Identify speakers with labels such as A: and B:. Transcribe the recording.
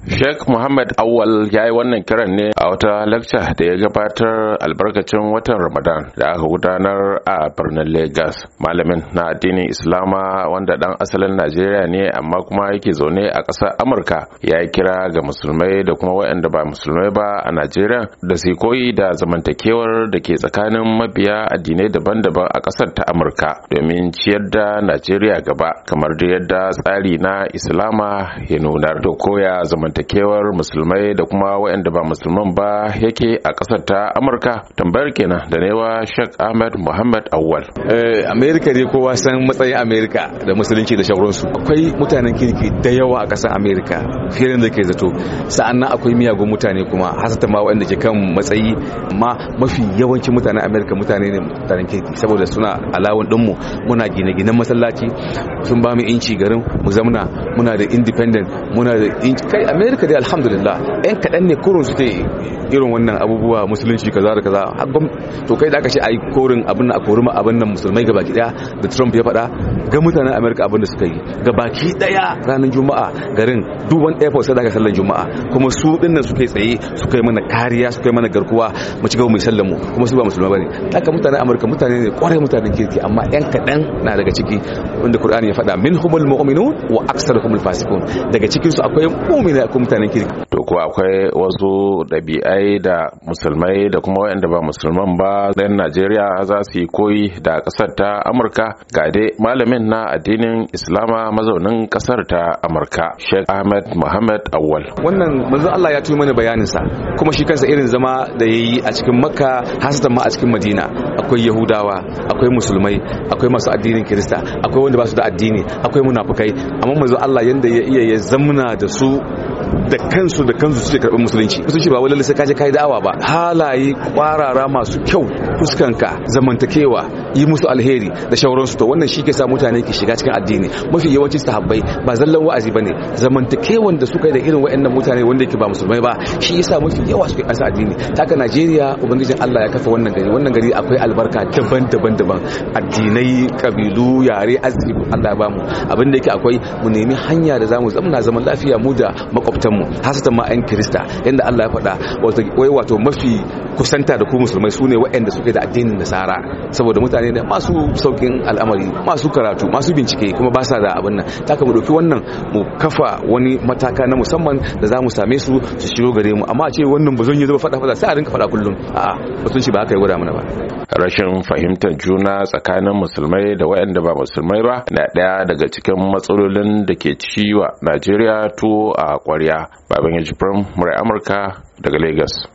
A: Sheikh Muhammad Awal ya yi wannan kiran ne a wata lakca da ya gabatar albarkacin watan Ramadan da aka gudanar a birnin Lagos. Malamin na addinin Islama wanda dan asalin Najeriya ne amma kuma yake zaune a ƙasar Amurka ya yi kira ga musulmai da kuma waɗanda ba musulmai ba a Najeriya da su koyi da zamantakewar da ke tsakanin mabiya addinai daban-daban a ƙasar ta Amurka domin ciyar da Najeriya gaba kamar da yadda tsari na Islama ya nuna da koya zaman zamantakewar musulmai da kuma waɗanda ba musulman ba yake a ƙasar ta amurka tambayar kenan da newa sheikh ahmed muhammad awwal
B: eh, amerika dai kowa san matsayin amerika da musulunci da shauransu akwai mutanen kirki da yawa a kasar amerika fiye da ke zato sa'annan akwai miyagun mutane kuma hasata ma waɗanda ke kan matsayi ma mafi yawancin mutanen amerika mutane ne mutanen kirki saboda suna alawun ɗinmu muna gine-ginen masallaci sun ba mu inci garin mu zamna muna da independent muna da inci kai america dai alhamdulillah yan kaɗan ne kurun suke irin wannan abubuwa musulunci kaza da kaza to kai da aka ce a yi korin abin na a kori ma abin nan musulmai ga baki daya da trump ya faɗa ga mutanen america abin da suka yi ga baki daya ranar juma'a garin duban airport sai da aka sallan juma'a kuma su din nan suke tsaye suka yi mana kariya suka yi mana garkuwa mu ci gaba mu sallamu kuma su ba musulmai bane haka mutanen america mutane ne kwarai mutanen kirki amma yan kaɗan na daga ciki wanda qur'ani ya faɗa minhumul mu'minun wa aktsaruhumul fasiqun daga cikin su akwai mu'mina kuma
A: mutanen kirki to ko akwai wasu ɗabi'ai da musulmai da kuma waɗanda ba musulman ba ɗan Najeriya za su yi koyi da ƙasar ta Amurka ga dai malamin na addinin Islama mazaunin ƙasar ta Amurka Sheikh Ahmed Muhammad Awal
B: wannan manzo Allah ya tuyi
A: mana bayanin sa
B: kuma shi kansa irin zama da yayi a cikin Makka hasatan ma a cikin Madina akwai Yahudawa akwai musulmai akwai masu addinin Kirista akwai wanda ba su da addini akwai munafukai amma manzo Allah yanda ya iya ya zamna da su da kansu da kansu suke karɓar musulunci musulunci ba wani lalle kaji kai da'awa ba halaye kwarara masu kyau fuskanka zamantakewa yi musu alheri da shauransu to wannan shi ke sa mutane ke shiga cikin addini mafi yawanci sahabbai ba zallan wa'azi bane zamantakewan da suka yi da irin wa'annan mutane wanda yake ba musulmai ba shi yasa mafi yawa suke ƙasa addini ta ka Najeriya ubangijin Allah ya kafa wannan gari wannan gari akwai albarka daban-daban daban addinai kabilu yare arziki Allah ya ba mu abin da yake akwai mu nemi hanya da zamu zamna zaman lafiya mu da makwabtan mu hasatan ma ayan Kirista yanda Allah ya faɗa wato wato mafi kusanta da ku musulmai su waɗanda suke da addinin Nasara saboda mutane mutane da masu saukin al'amari masu karatu masu bincike kuma ba sa da abin nan ta mu dauki wannan mu kafa wani mataka na musamman da za mu same su su shiro gare mu amma a ce wannan ba zan yi zuba faɗa faɗa sai a rinka faɗa kullum
A: a'a batun shi ba haka ya gwada mana ba rashin fahimtar juna tsakanin musulmai da waɗanda ba musulmai ba na ɗaya daga cikin matsalolin da ke ciwa najeriya to a ƙwarya baban ya murai amurka daga lagos